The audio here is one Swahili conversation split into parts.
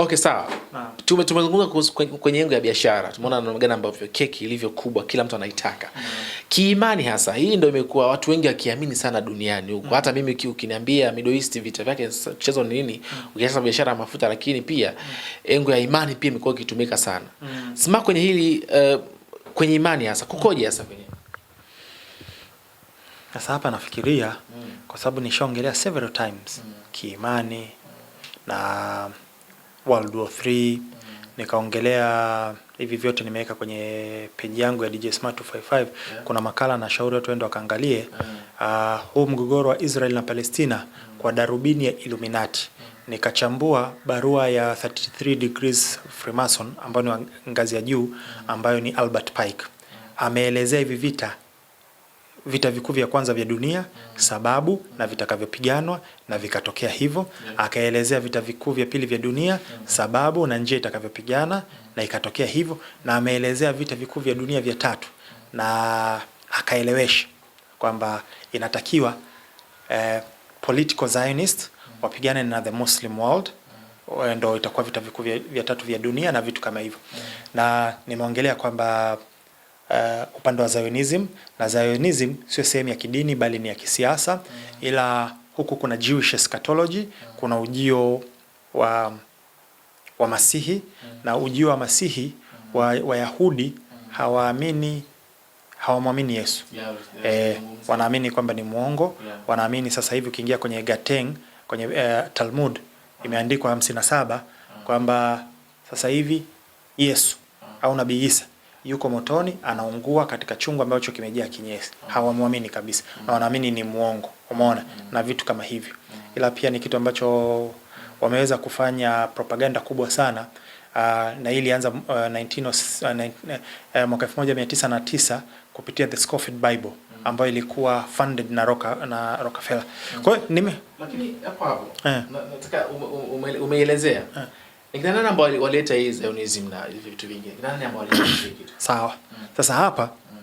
Okay, sawa. Ah. Tume tumezungumza kwenye engo ya biashara. Tumeona namna gani ambavyo keki ilivyo kubwa kila mtu anaitaka. Mm Kiimani hasa hii ndio imekuwa watu wengi wakiamini sana duniani huko. Mm Hata mimi ukiniambia Middle East vita vyake chezo ni nini? Mm Ukiacha biashara ya mafuta lakini pia mm engo ya imani pia imekuwa ikitumika sana. Mm Sima kwenye hili uh, kwenye imani hasa kukoje hasa kwenye? Sasa hapa nafikiria mm kwa sababu nishaongelea several times mm kiimani mm na World War 3 nikaongelea hivi vyote nimeweka kwenye peji yangu ya DJ Smart 255 yeah. Kuna makala na shauri watu waende wakaangalie yeah. Uh, huu mgogoro wa Israel na Palestina mm. kwa darubini ya Illuminati mm. Nikachambua barua ya 33 degrees Freemason ambayo ni ngazi ya juu mm. ambayo ni Albert Pike ameelezea hivi vita vita vikuu vya kwanza vya dunia sababu na vitakavyopiganwa na vikatokea hivyo. Akaelezea vita vikuu vya pili vya dunia sababu na njia itakavyopigana na ikatokea hivyo, na ameelezea vita vikuu vya dunia vya tatu na akaelewesha kwamba inatakiwa eh, political Zionist mm. wapigane na the Muslim world mm. ndo itakuwa vita vikuu vya, vya tatu vya dunia na vitu kama hivyo, mm. na nimeongelea kwamba uh, upande wa Zionism na Zionism sio sehemu ya kidini bali ni ya kisiasa mm -hmm. Ila huku kuna Jewish eschatology mm -hmm. Kuna ujio wa, wa Masihi mm -hmm. Na ujio wa Masihi mm -hmm. Wayahudi mm -hmm. hawaamini hawamwamini Yesu yeah, yeah, eh, yeah. wanaamini kwamba ni mwongo yeah. Wanaamini sasa hivi ukiingia kwenye Gateng kwenye uh, Talmud imeandikwa hamsini na saba ah. kwamba sasa hivi Yesu ah. au Nabii Isa yuko motoni anaungua katika chungu ambacho kimejaa kinyesi. Hawamwamini kabisa na wanaamini ni muongo, umeona, mm. na vitu kama hivyo, mm. ila pia ni kitu ambacho wameweza kufanya propaganda kubwa sana. Uh, na hii ilianza uh, 19, uh, eh, na tisa kupitia the Scofield Bible ambayo ilikuwa funded na Roka, na Rockefeller. Kwa hiyo nime lakini hapo hapo eh. nataka umeelezea ume eh. Akina nani ambao walileta hii Zionism na vitu vingine? Akina nani ambao walileta hii kitu? Sawa. Mm. Sasa hapa mm.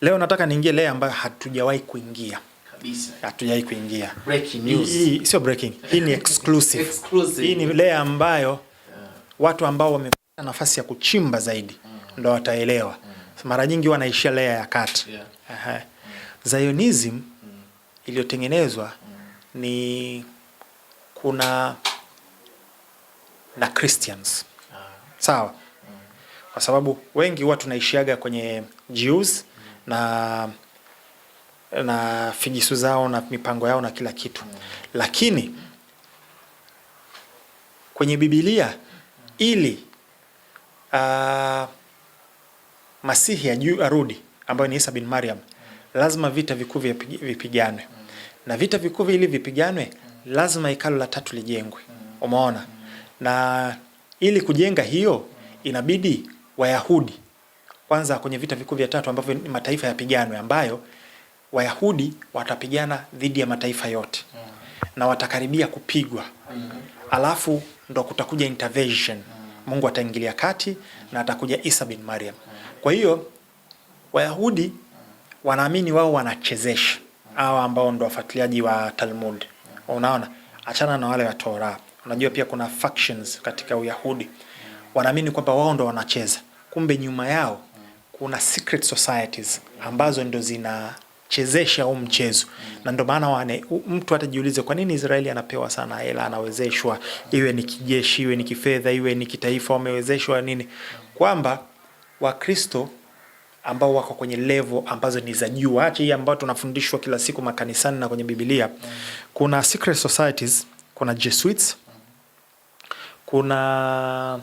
Leo nataka niingie leo ambayo hatujawahi kuingia. Kabisa. Hatujawahi kuingia. Breaking news. Hii sio breaking. Hii ni exclusive. exclusive. Hii ni leo ambayo yeah. Watu ambao wamepata nafasi ya kuchimba zaidi mm. ndio wataelewa. Mm. Mara nyingi wanaishia leo ya kati. Yeah. Aha. Mm. Zionism mm. iliyotengenezwa mm. ni kuna na Christians Sawa Kwa sababu wengi huwa tunaishiaga kwenye Jews na na fijisu zao na mipango yao na kila kitu Lakini kwenye Biblia ili uh, Masihi arudi ambayo ni Isa bin Mariam lazima vita vikuu vipiganwe na vita vikuu ili vipiganwe lazima hekalu la tatu lijengwe Umeona mm na ili kujenga hiyo inabidi Wayahudi kwanza kwenye vita vikuu vya tatu ambavyo ni mataifa yapigano ambayo Wayahudi watapigana dhidi ya mataifa yote mm. na watakaribia kupigwa mm. alafu ndo kutakuja intervention mm. Mungu ataingilia kati na atakuja Isa bin Mariam mm. kwa hiyo Wayahudi mm. wanaamini wao wanachezesha mm. hawa ambao ndo wafuatiliaji wa Talmud. Mm. Unaona, achana na wale wa Torah. Unajua pia kuna factions katika Uyahudi, wanaamini kwamba wao ndo wanacheza, kumbe nyuma yao kuna secret societies ambazo ndo zinachezesha huu mchezo, mm. na ndo maana wane mtu atajiulize kwa nini Israeli anapewa sana hela, anawezeshwa, iwe ni kijeshi, iwe ni kifedha, iwe ni kitaifa, wamewezeshwa nini, kwamba Wakristo ambao wako kwenye levo ambazo ni za juu, acha hii ambayo tunafundishwa kila siku makanisani na kwenye Biblia. Kuna secret societies, kuna Jesuits mm kuna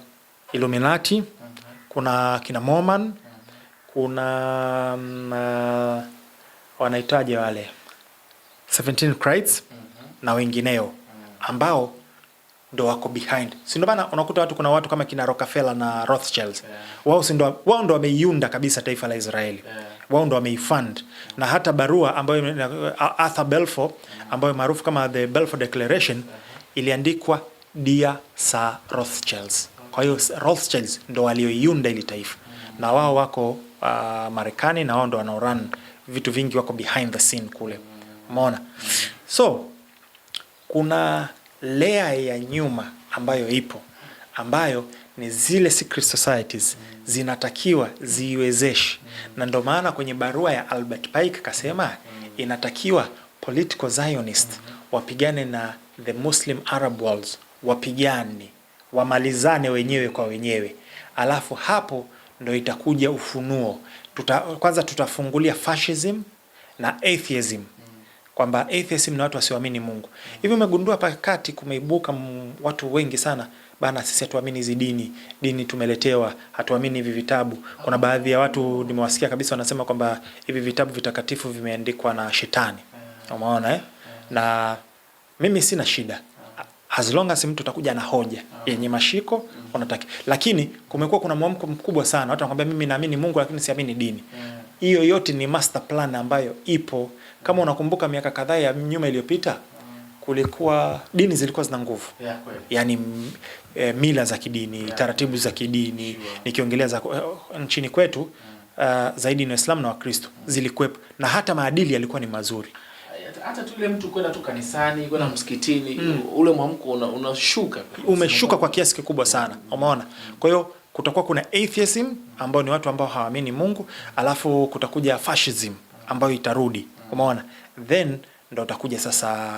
Illuminati, mhm. kuna kina Mormon, mhm. kuna mm, um, uh, wanahitaji wale 17 Christ mhm. na wengineo ambao ndo wako behind, si ndo maana unakuta watu, kuna watu kama kina Rockefeller na Rothschild yeah. Wao si ndo wao ndo wameiunda kabisa taifa la Israeli yeah. Wao ndo wameifund yeah. Na hata barua ambayo uh, Arthur Balfour mm. ambayo maarufu kama the Balfour Declaration yeah. Uh-huh. Iliandikwa Dia Sa Rothschilds. Kwa hiyo Rothschilds ndo walioiunda ili taifa na wao wako uh, Marekani na wao ndo wanaorun vitu vingi, wako behind the scene kule, umeona. So kuna lea ya nyuma ambayo ipo ambayo ni zile secret societies zinatakiwa ziiwezeshe, na ndo maana kwenye barua ya Albert Pike kasema inatakiwa political Zionist wapigane na the Muslim Arab worlds wapigane, wamalizane wenyewe kwa wenyewe, alafu hapo ndo itakuja ufunuo. Tuta, kwanza tutafungulia fascism na atheism kwamba atheism na watu wasioamini Mungu. Hivi umegundua pakati kumeibuka watu wengi sana bana, sisi hatuamini hizi dini, dini tumeletewa, hatuamini hivi vitabu. Kuna baadhi ya watu nimewasikia kabisa wanasema kwamba hivi vitabu vitakatifu vimeandikwa na shetani, umeona eh? Na mimi sina shida as long as mtu atakuja na hoja yenye mashiko mm -hmm. lakini kumekuwa kuna mwamko mkubwa sana, watu wanakuambia mimi naamini Mungu lakini siamini dini hiyo. mm yote ni master plan ambayo ipo. Kama unakumbuka miaka kadhaa ya nyuma iliyopita, mm. kulikuwa dini zilikuwa zina nguvu yeah, yaani e, mila za kidini yeah, taratibu za kidini sure. nikiongelea za eh, nchini kwetu uh, zaidi ni Waislamu na Wakristo mm. zilikuwepo na hata maadili yalikuwa ni mazuri hata tu ile mtu kwenda tu kanisani kwenda mm. msikitini mm. ule mwamko unashuka una umeshuka kwa kiasi kikubwa sana, umeona. Kwa hiyo kutakuwa kuna atheism ambao ni watu ambao hawaamini Mungu, alafu kutakuja fascism ambayo itarudi, umeona, then ndo utakuja sasa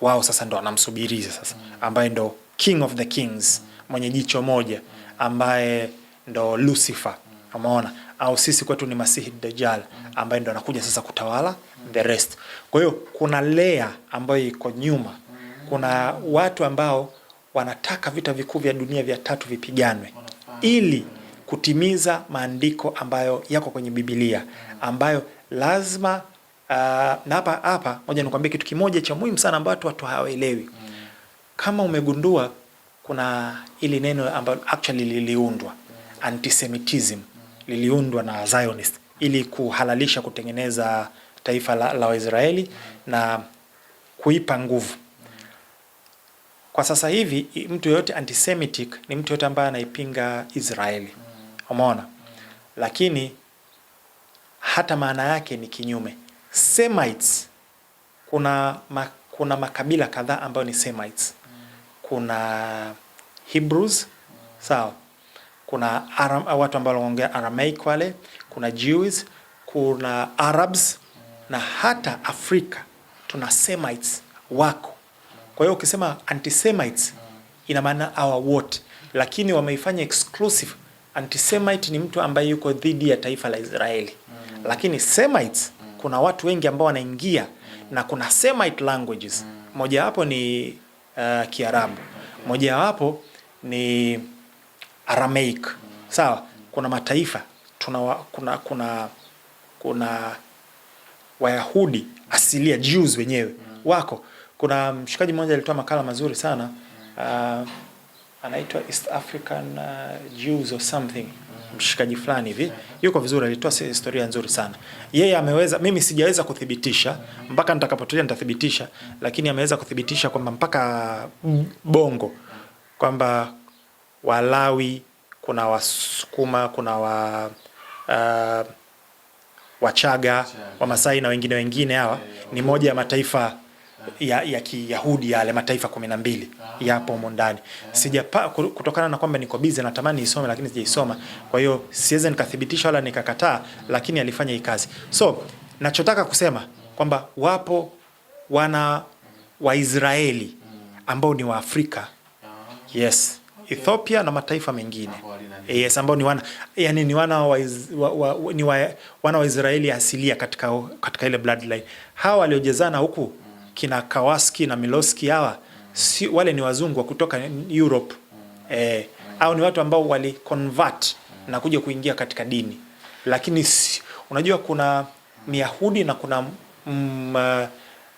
wao sasa ndo wanamsubiriza sasa, mm. ambaye ndo king of the kings, mwenye jicho moja ambaye ndo Lucifer, mm. umeona au sisi kwetu ni Masihi Dajjal ambaye ndo anakuja sasa kutawala the rest. Kwa hiyo kuna lea ambayo iko nyuma, kuna watu ambao wanataka vita vikuu vya dunia vya tatu vipiganwe ili kutimiza maandiko ambayo yako kwenye Biblia ambayo lazima uh, na hapa hapa, moja nikwambie kitu kimoja cha muhimu sana ambacho watu hawaelewi. Kama umegundua kuna ili neno ambalo actually liliundwa antisemitism liliundwa na Zionist ili kuhalalisha kutengeneza taifa la, la Waisraeli na kuipa nguvu. Kwa sasa hivi mtu yoyote antisemitic ni mtu yoyote ambaye anaipinga Israeli, umeona. Lakini hata maana yake ni kinyume. Semites, kuna ma, kuna makabila kadhaa ambayo ni Semites. Kuna Hebrews, sawa kuna Aram, watu ambao wanaongea Aramaic wale, kuna Jews, kuna Arabs na hata Afrika tuna Semites wako. Kwa hiyo ukisema antisemites ina maana hawa wote, lakini wameifanya exclusive. Antisemite ni mtu ambaye yuko dhidi ya taifa la Israeli, lakini Semites kuna watu wengi ambao wanaingia na kuna Semite languages, mojawapo ni uh, Kiarabu, mojawapo ni Aramaic. Sawa, kuna mataifa tuna wa, kuna kuna kuna Wayahudi asilia Jews wenyewe wako. Kuna mshikaji mmoja alitoa makala mazuri sana uh, anaitwa East African uh, Jews or something mshikaji fulani hivi yuko vizuri, alitoa historia nzuri sana yeye. Ameweza, mimi sijaweza kuthibitisha mpaka nitakapotulia nitathibitisha, lakini ameweza kuthibitisha kwamba mpaka Bongo kwamba Walawi, kuna Wasukuma, kuna wa uh, Wachaga, Wamasai na wengine wengine. Hawa eh, ni moja ya mataifa ya, ya Kiyahudi yale mataifa kumi na mbili ah. yapo humo ndani. Eh. Sijapa kutokana na kwamba niko busy natamani isome lakini sijaisoma. Kwa hiyo siweze nikathibitisha wala nikakataa, lakini alifanya hii kazi. So, nachotaka kusema kwamba wapo wana Waisraeli mm. ambao ni Waafrika. Ah. Yes. Ethiopia na mataifa mengine yes, ambao ni wana yani ni wana wa, wa, wa, ni wa, wana wa Israeli asilia katika, katika ile bloodline. Hawa waliojezana huku kina Kawaski na Miloski hawa si, wale ni wazungu wa kutoka Europe eh, au ni watu ambao wali convert na kuja kuingia katika dini, lakini si, unajua kuna Myahudi na kuna mm, eh,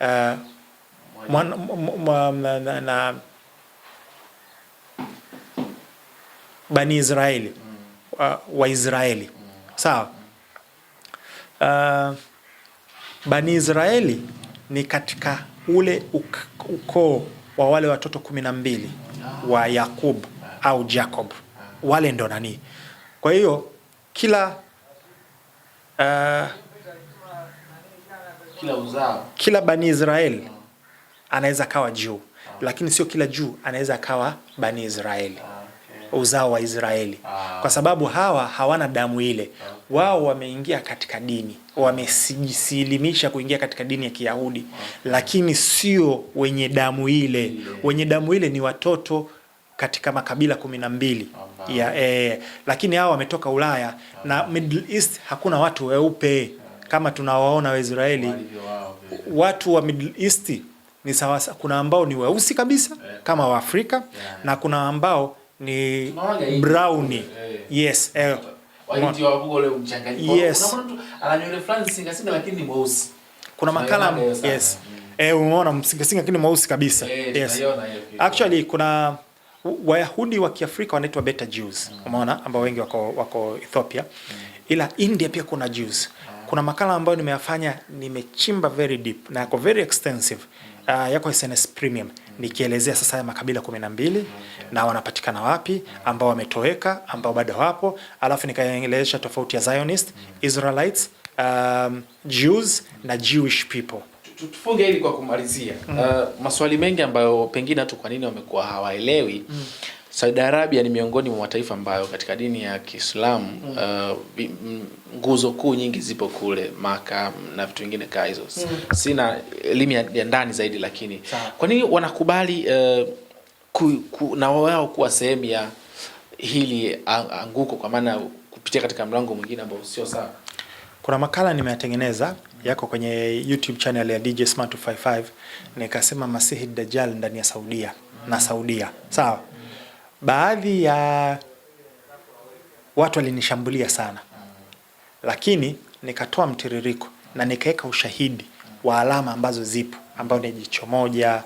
eh, m, m, uh, mwana, m, m, m, na, na, Bani Israeli Waisraeli sawa uh, Bani Israeli ni katika ule ukoo wa wale watoto kumi na mbili wa Yakub au Jacob, wale ndo nani. Kwa hiyo kila uh, kila uzao, kila Bani Israeli anaweza kawa juu, lakini sio kila juu anaweza kawa Bani Israeli uzao wa Israeli ah. Kwa sababu hawa hawana damu ile okay. Ah. Wao wameingia katika dini, wamesijisilimisha kuingia katika dini ya Kiyahudi okay. Ah. Lakini sio wenye damu ile yeah. Wenye damu ile ni watoto katika makabila kumi na mbili ya, eh, eh, lakini hawa wametoka Ulaya Aha. Na Middle East hakuna watu weupe ah. Kama tunawaona Waisraeli wa watu wa Middle East ni sawa. Kuna ambao ni weusi kabisa eh. kama Waafrika yeah. Na kuna ambao ni browni eh, eh. yes eh, yes. Kuna makala yes eh, umeona msingasinga lakini mweusi kabisa eh, yes. Actually kuna Wayahudi wa Kiafrika wanaitwa beta Jews, mm. umeona ambao wengi wako wako Ethiopia, mm. ila India pia kuna Jews. Mm. Kuna makala ambayo nimeyafanya, nimechimba very deep na yako very extensive mm uh, yako SNS Premium nikielezea sasa haya makabila kumi na mbili na wanapatikana wapi, ambao wametoweka, ambao bado wapo, alafu nikaelezea tofauti ya Zionist, Israelites, um, Jews na Jewish people. Tufunge hili kwa kumalizia. Mm. Uh, maswali mengi ambayo pengine hatu kwa nini wamekuwa hawaelewi mm. Saudi Arabia ni miongoni mwa mataifa ambayo katika dini ya Kiislamu nguzo mm. uh, kuu nyingi zipo kule Maka na vitu vingine kama hizo mm. Sina elimu ya ndani zaidi, lakini kwa nini wanakubali uh, ku, ku, na wao kuwa sehemu ya hili anguko, kwa maana kupitia katika mlango mwingine ambao sio sawa? Kuna makala nimeyatengeneza yako kwenye YouTube channel ya DJ Smart 255 nikasema Masihi Dajjal ndani ya Saudia mm. na Saudia sawa baadhi ya watu walinishambulia sana, lakini nikatoa mtiririko na nikaweka ushahidi wa alama ambazo zipo, ambayo ni jicho moja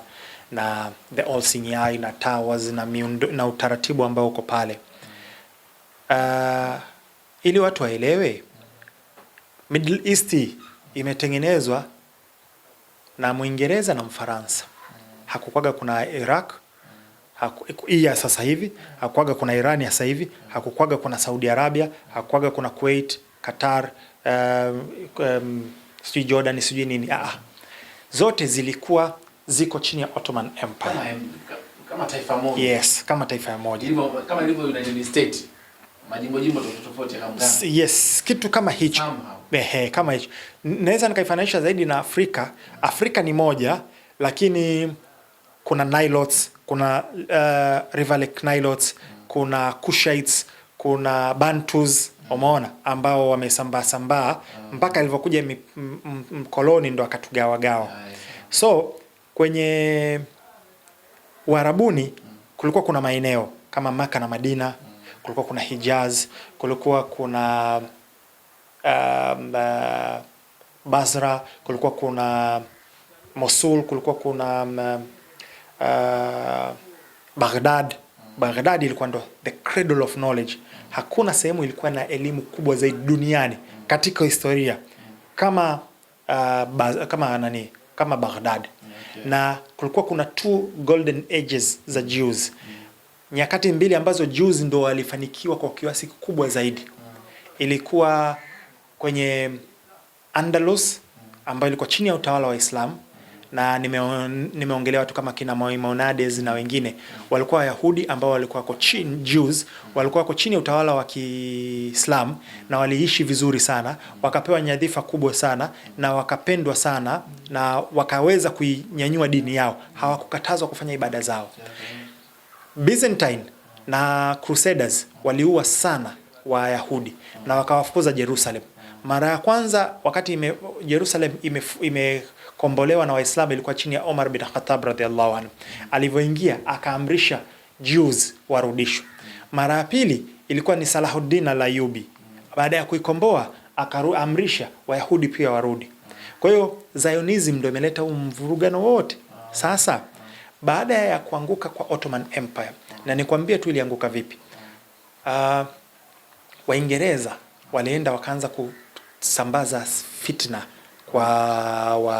na the all seeing eye na towers na miundo, na utaratibu ambao uko pale uh, ili watu waelewe Middle East imetengenezwa na Mwingereza na Mfaransa. Hakukwaga kuna Iraq hii ya sasa hivi, hakuaga kuna Iran ya sasa hivi, hakukwaga kuna Saudi Arabia, hakuaga kuna Kuwait, Qatar, um, um, sijui Jordan, sijui nini. Aa, ah, ah. zote zilikuwa ziko chini ya Ottoman Empire kama taifa moja. Yes, kama taifa ya moja. Kama ilivyo United State. Majimbo jimbo tofauti tofauti. Yes, kitu kama hicho. Ehe, kama hicho. Naweza nikaifananisha zaidi na Afrika. Afrika ni moja lakini kuna Nilots kuna uh, eh, Riverlake Nilotes, kuna Kushites, kuna Bantus umeona ambao wamesambaa sambaa mpaka alivyokuja mkoloni ndo akatugawagawa. So kwenye uharabuni kulikuwa kuna maeneo kama Maka na Madina, kulikuwa kuna Hijaz, kulikuwa kuna um, uh, Basra, kulikuwa kuna Mosul, kulikuwa kuna um, Uh, Baghdad. Baghdad ilikuwa ndo the cradle of knowledge. Hakuna sehemu ilikuwa na elimu kubwa zaidi duniani katika historia kama uh, ba, kama nani kama Baghdad. Okay. Na kulikuwa kuna two golden ages za Jews. Nyakati mbili ambazo Jews ndo walifanikiwa kwa kiasi kikubwa zaidi. Ilikuwa kwenye Andalus ambayo ilikuwa chini ya utawala wa Islam na nimeongelea nime watu kama kina Maimonides na wengine walikuwa Wayahudi ambao walikuwa wako chini, Jews walikuwa wako chini ya utawala wa Kiislamu na waliishi vizuri sana, wakapewa nyadhifa kubwa sana na wakapendwa sana na wakaweza kuinyanyua dini yao, hawakukatazwa kufanya ibada zao. Byzantine na Crusaders waliua sana Wayahudi na wakawafukuza Jerusalem. Mara ya kwanza wakati ime, Jerusalem ime, ime kombolewa na Waislamu ilikuwa chini ya Omar bin Khattab radhiallahu anhu. Alivyoingia akaamrisha Jews warudishwe. Mara ya pili ilikuwa ni Salahuddin al-Ayyubi, baada ya kuikomboa akaamrisha Wayahudi pia warudi. Kwa hiyo Zionism ndio imeleta huu mvurugano wote. Sasa baada ya kuanguka kwa Ottoman Empire, na nikwambie tu ilianguka vipi. Uh, Waingereza walienda wakaanza kusambaza fitna wa wa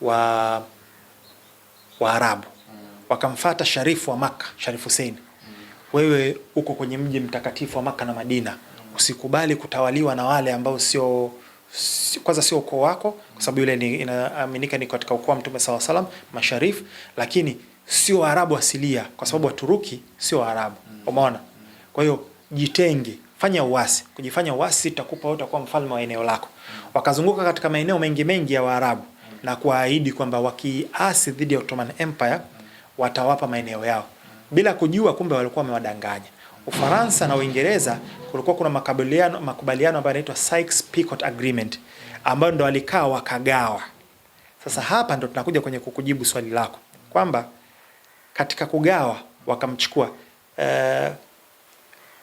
wa Waarabu wakamfata Sharifu wa Maka, Sharifu Huseini, wewe uko kwenye mji mtakatifu wa Maka na Madina, usikubali kutawaliwa na wale ambao sio kwanza sio ukoo wako, kwa sababu yule inaaminika ni katika ukoo wa Mtume saw salam masharifu, lakini sio Waarabu asilia, kwa sababu Waturuki sio Waarabu. Umeona? Kwa hiyo jitenge, fanya uasi. Kujifanya uasi utakupa utakuwa mfalme wa eneo lako. Wakazunguka katika maeneo mengi mengi ya Waarabu na kuahidi kwamba wakiasi dhidi ya Ottoman Empire watawapa maeneo yao, bila kujua kumbe walikuwa wamewadanganya. Ufaransa na Uingereza kulikuwa kuna makubaliano makubaliano ambayo yanaitwa Sykes-Picot Agreement ambayo ndo walikaa wakagawa. Sasa hapa ndo tunakuja kwenye kukujibu swali lako kwamba katika kugawa wakamchukua eh,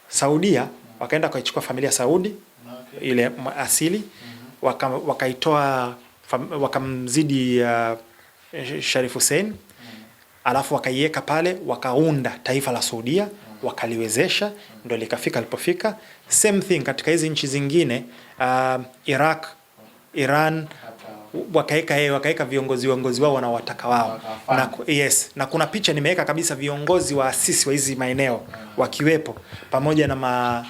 Saudia wakaenda kuichukua familia Saudi ile asili mm wakaitoa wakamzidi uh, Sharif Hussein alafu wakaiweka pale, wakaunda taifa la Saudia wakaliwezesha, ndo likafika alipofika. Same thing katika hizi nchi zingine uh, Iraq, Iran wakaeka yeye wakaweka viongozi viongozi wao wanawataka wao na, yes, na kuna picha nimeweka kabisa viongozi wa asisi wa hizi maeneo wakiwepo pamoja na ma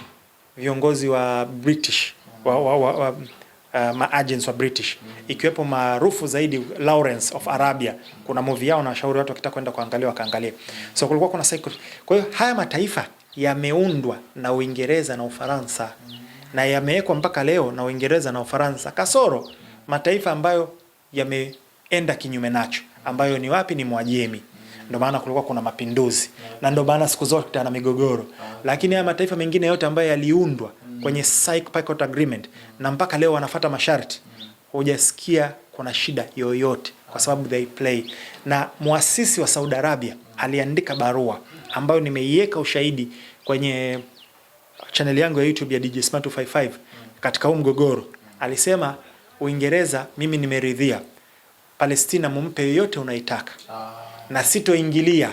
viongozi wa British wa, wa, wa, wa, uh, maagents wa British ikiwepo maarufu zaidi Lawrence of Arabia. Kuna movie yao na washauri watu wakitaka kwenda kuangalia wakaangalie. So kulikuwa kuna cycle. Kwa hiyo haya mataifa yameundwa na Uingereza na Ufaransa na yamewekwa mpaka leo na Uingereza na Ufaransa kasoro mataifa ambayo yameenda kinyume nacho, ambayo ni wapi? Ni Mwajemi. Ndio maana kulikuwa kuna mapinduzi na ndio maana siku zote na migogoro, lakini haya mataifa mengine yote ambayo yaliundwa Mm. kwenye Sykes-Picot Agreement, na mpaka leo wanafata masharti, hujasikia kuna shida yoyote, kwa sababu they play. Na muasisi wa Saudi Arabia aliandika barua ambayo nimeiweka ushahidi kwenye channel yangu ya YouTube ya DJ Smart 255 katika huu mgogoro, alisema Uingereza, mimi nimeridhia Palestina mumpe yoyote unaitaka ah. na sitoingilia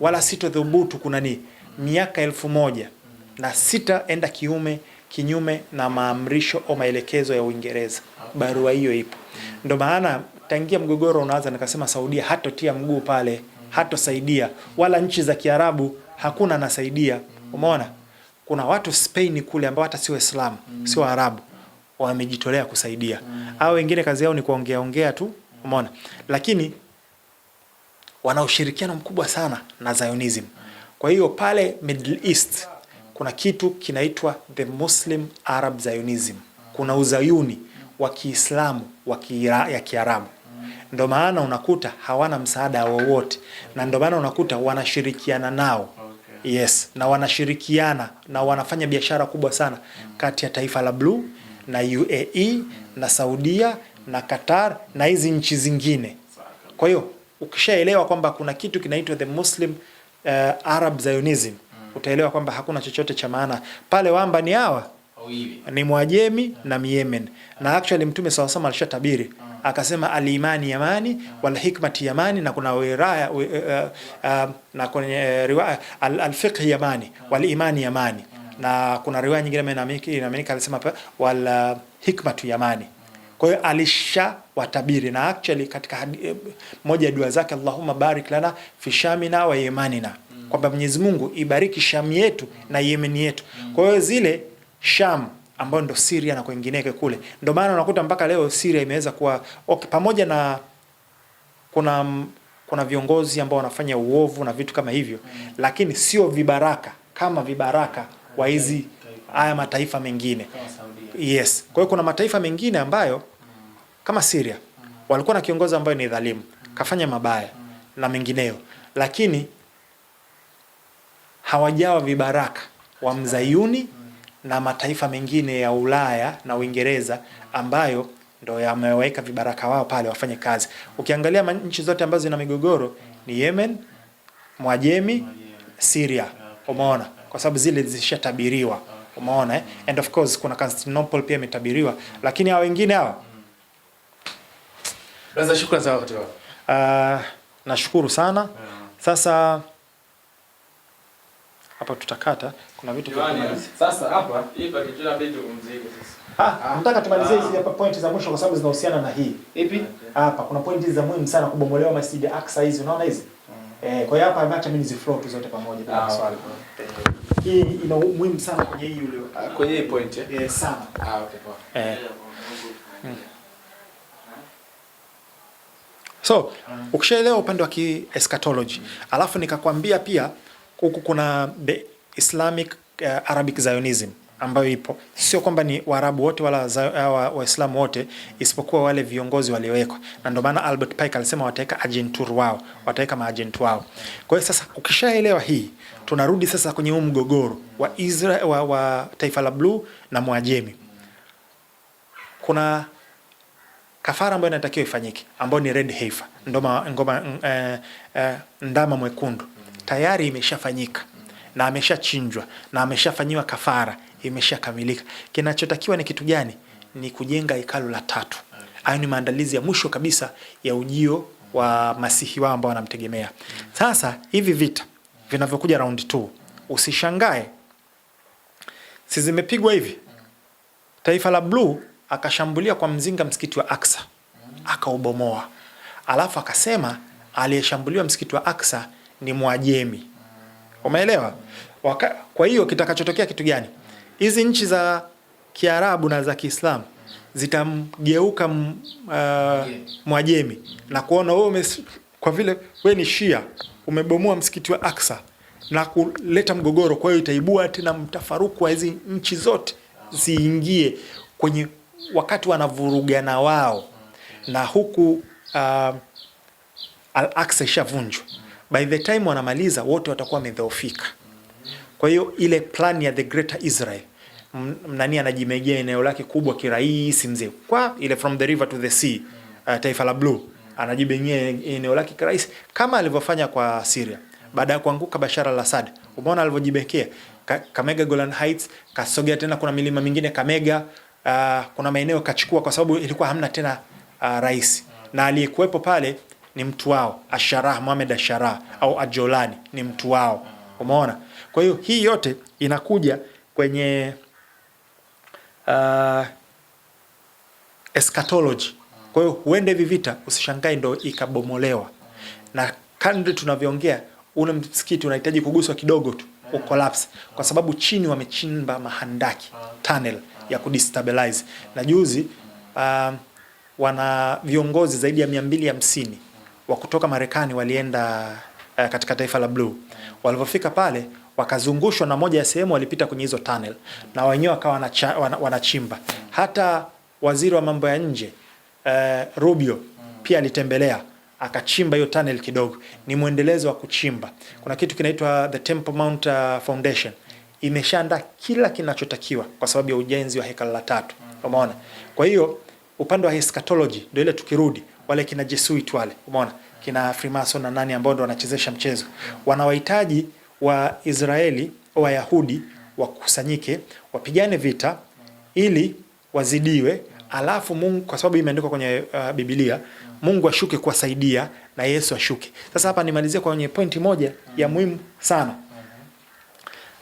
wala sitodhubutu ni miaka elfu moja na sitaenda kiume kinyume na maamrisho au maelekezo ya Uingereza. Barua hiyo ipo, mm. ndio maana tangia mgogoro unaanza nikasema Saudia hatotia mguu pale, mm. hatosaidia, wala nchi za Kiarabu hakuna anasaidia. Mm. Umeona, kuna watu Spain kule ambao hata si Waislamu si Waarabu wamejitolea kusaidia, au wengine kazi yao ni kuongea ongea tu, umeona, lakini wana ushirikiano mkubwa sana na Zionism. Kwa hiyo pale Middle East kuna kitu kinaitwa the Muslim Arab Zionism, kuna uzayuni wa Kiislamu ya Kiarabu. Ndio maana unakuta hawana msaada wowote, na ndio maana unakuta wanashirikiana nao Yes, na wanashirikiana na wanafanya biashara kubwa sana kati ya taifa la bluu na UAE na Saudia na Qatar na hizi nchi zingine. Kwa hiyo ukishaelewa kwamba kuna kitu kinaitwa the Muslim uh, Arab Zionism utaelewa kwamba hakuna chochote cha maana pale. Wamba ni hawa ni Mwajemi na Myemen, na actually Mtume saw salam alishatabiri akasema, alimani yamani wal hikmati yamani, na kuna wiraya uh, eh, uh, eh, eh, na kwenye riwaya al, al fiqh yamani wal imani yamani, na kuna riwaya nyingine mimi inaaminika alisema wal hikmatu yamani. Kwa hiyo alisha watabiri na actually katika moja ya dua zake, Allahumma barik lana fi shamina wa yamanina kwamba Mwenyezi Mungu ibariki Sham yetu na Yemen yetu. Kwa hiyo zile Sham ambayo ndo Syria na kwingineke kule, ndio maana unakuta mpaka leo Syria imeweza kuwa okay, pamoja na kuna kuna viongozi ambao wanafanya uovu na vitu kama hivyo mm, lakini sio vibaraka kama vibaraka wa hizi haya mataifa mengine yes. Kwa hiyo kuna mataifa mengine ambayo kama Syria walikuwa na kiongozi ambayo ni dhalimu, kafanya mabaya na mengineyo, lakini hawajawa vibaraka wa mzayuni na mataifa mengine ya Ulaya na Uingereza ambayo ndo yameweka vibaraka wao pale wafanye kazi. Ukiangalia nchi zote ambazo zina migogoro ni Yemen, Mwajemi, Syria. Umeona? Kwa sababu zile zishatabiriwa. Umeona eh? And of course kuna Constantinople pia imetabiriwa, lakini hao wengine hao. Shukrani Uh, nashukuru sana. Sasa hapa tutakata, kuna vitu vya kumaliza. Sasa hapa hii partition bidu mzigo sasa. Ah, nataka tumalize hizi hapa point za mwisho kwa sababu zinahusiana na hii. Ipi? Hapa kuna pointi za muhimu sana kubomolewa Masjid Al-Aqsa hizi, unaona hizi? Mm. Eh, kwa hiyo hapa acha mimi nizi tu zote pamoja bila ah, swali. Hii ina muhimu sana kwenye hii yule ah, kwenye hii point eh. Eh, sana. Ah, okay poa. Eh. eh. So, ukishaelewa upande wa ki eschatology, alafu nikakwambia pia huku kuna the Islamic uh, Arabic Zionism ambayo ipo, sio kwamba ni Waarabu wote wala eh, Waislamu wote, isipokuwa wale viongozi waliowekwa, na ndio maana Albert Pike alisema wataweka agentur wao, wataweka maagent wao. Kwa hiyo sasa, ukishaelewa hii, tunarudi sasa kwenye huu mgogoro wa Israel, wa, wa taifa la bluu na Mwajemi. Kuna kafara ambayo inatakiwa ifanyike, ambayo ni red heifer, ndoma ngoma, eh, eh, ndama mwekundu tayari imeshafanyika na ameshachinjwa na ameshafanyiwa kafara, imeshakamilika. Kinachotakiwa ni kitu gani? Ni kujenga hekalu la tatu. Hayo ni maandalizi ya mwisho kabisa ya ujio wa masihi wao ambao wanamtegemea. Sasa hivi vita vinavyokuja round 2 usishangae, si zimepigwa hivi. Taifa la bluu akashambulia kwa mzinga msikiti wa Aksa akaubomoa, alafu akasema aliyeshambuliwa msikiti wa Aksa ni Mwajemi, umeelewa? Kwa hiyo kitakachotokea kitu gani? Hizi nchi za Kiarabu na za Kiislamu zitamgeuka uh, Mwajemi na kuona wewe kwa vile we ni Shia umebomoa msikiti wa Aksa na kuleta mgogoro. Kwa hiyo itaibua tena mtafaruku wa hizi nchi zote ziingie kwenye wakati wanavurugana wao, na huku uh, Al-Aksa ishavunjwa by the time wanamaliza wote watakuwa wamedhoofika. Kwa hiyo ile plan ya the greater Israel nani anajimegea eneo lake kubwa kirahisi mzee, kwa ile from the river to the sea uh, taifa la blue anajibengea eneo lake kirahisi kama alivyofanya kwa Syria baada ya kuanguka Bashar al-Assad. Umeona alivyojibekea ka, kamega Golan Heights, kasogea tena, kuna milima mingine kamega, uh, kuna maeneo kachukua, kwa sababu ilikuwa hamna tena uh, rais na aliyekuwepo pale ni mtu wao, Asharah Mohamed Asharah au Ajolani ni mtu wao, umeona. Kwa hiyo hii yote inakuja kwenye uh, eschatology. Kwa hiyo huende hivi vita usishangae ndo ikabomolewa, na kadri tunavyoongea ule msikiti unahitaji kuguswa kidogo tu ukolapse, kwa sababu chini wamechimba mahandaki tunnel ya kudestabilize na juzi um, wana viongozi zaidi ya mia mbili hamsini wa kutoka Marekani walienda uh, katika taifa la Blue. Walipofika pale wakazungushwa na moja ya sehemu walipita kwenye hizo tunnel na wenyewe wakawa wanachimba. Hata waziri wa mambo ya nje uh, Rubio pia alitembelea akachimba hiyo tunnel kidogo. Ni mwendelezo wa kuchimba. Kuna kitu kinaitwa the Temple Mount uh, Foundation imeshaandaa kila kinachotakiwa kwa sababu ya ujenzi wa hekalu la tatu. Umeona? Kwa hiyo upande wa eschatology ndio ile tukirudi wale kina Jesuit wale, umeona kina Freemason na nani ambao ndo wanachezesha mchezo, wanawahitaji wa Israeli au Wayahudi wakusanyike wapigane vita ili wazidiwe, alafu Mungu, kwa sababu imeandikwa kwenye uh, Biblia, Mungu ashuke kuwasaidia na Yesu ashuke. Sasa hapa nimalizie kwenye pointi moja ya muhimu sana.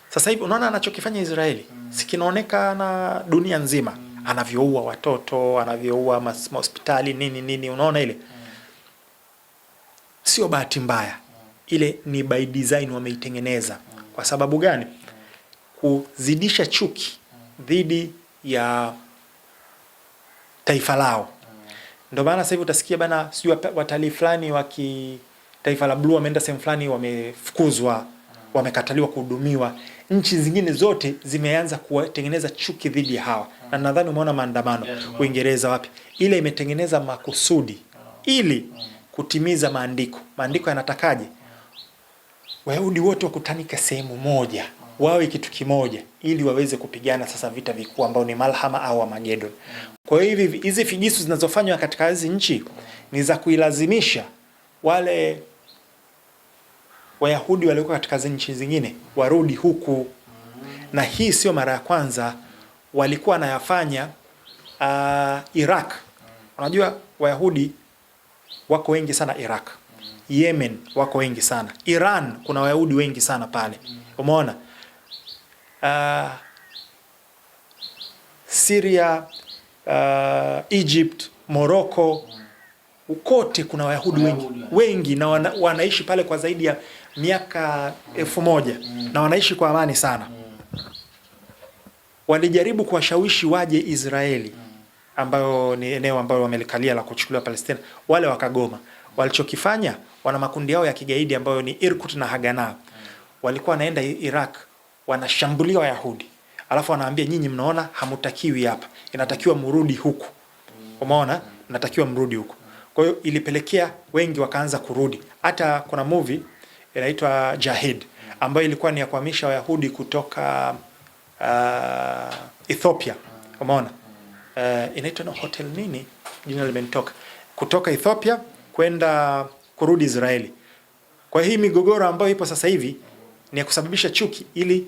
Sasa hivi unaona anachokifanya Israeli si na dunia nzima anavyoua watoto, anavyoua hospitali nini nini, unaona ile sio bahati mbaya, ile ni by design wameitengeneza. Kwa sababu gani? Kuzidisha chuki dhidi ya taifa lao. Ndio maana sasa hivi utasikia bana, sijui watalii fulani wa taifa la blue wameenda sehemu fulani, wamefukuzwa, wamekataliwa kuhudumiwa. Nchi zingine zote zimeanza kutengeneza chuki dhidi ya hawa na nadhani umeona maandamano Uingereza wapi, ile imetengeneza makusudi ili kutimiza maandiko. Maandiko yanatakaje? Wayahudi wote wakutanike sehemu moja, wawe kitu kimoja, ili waweze kupigana sasa vita vikuu ambao ni Malhama au Armageddon. Kwa hiyo hivi hizi figisu zinazofanywa katika hizi nchi ni za kuilazimisha wale Wayahudi walioko katika nchi zingine warudi huku, na hii sio mara ya kwanza walikuwa wanayafanya uh, Iraq. Unajua Wayahudi wako wengi sana Iraq. Yemen wako wengi sana. Iran kuna Wayahudi wengi sana pale. Umeona? Uh, Syria, uh, Egypt, Morocco kote kuna Wayahudi wengi wengi na wana, wanaishi pale kwa zaidi ya miaka elfu moja mm. na wanaishi kwa amani sana walijaribu kuwashawishi waje Israeli ambayo ni eneo ambayo wamelikalia la kuchukuliwa Palestina, wale wakagoma. Walichokifanya, wana makundi yao ya kigaidi ambayo ni Irkut na Hagana, walikuwa wanaenda Iraq, wanashambulia Wayahudi alafu wanaambia nyinyi, mnaona hamutakiwi hapa, inatakiwa mrudi huku. Umeona, natakiwa mrudi huku. Kwa hiyo ilipelekea wengi wakaanza kurudi. Hata kuna movie inaitwa Jahid ambayo ilikuwa ni ya kuhamisha Wayahudi kutoka uh, Ethiopia umeona, uh, inaitwa na hotel nini, jina limenitoka, kutoka Ethiopia kwenda kurudi Israeli. Kwa hii migogoro ambayo ipo sasa hivi ni ya kusababisha chuki, ili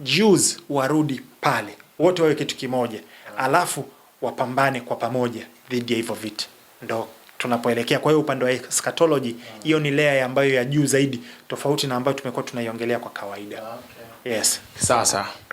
Jews warudi pale wote wawe kitu kimoja, alafu wapambane kwa pamoja dhidi ya hivyo vita, ndo tunapoelekea. Kwa hiyo upande wa eschatology hiyo ni layer ambayo ya juu zaidi, tofauti na ambayo tumekuwa tunaiongelea kwa kawaida. Ah, okay. Yes. Sasa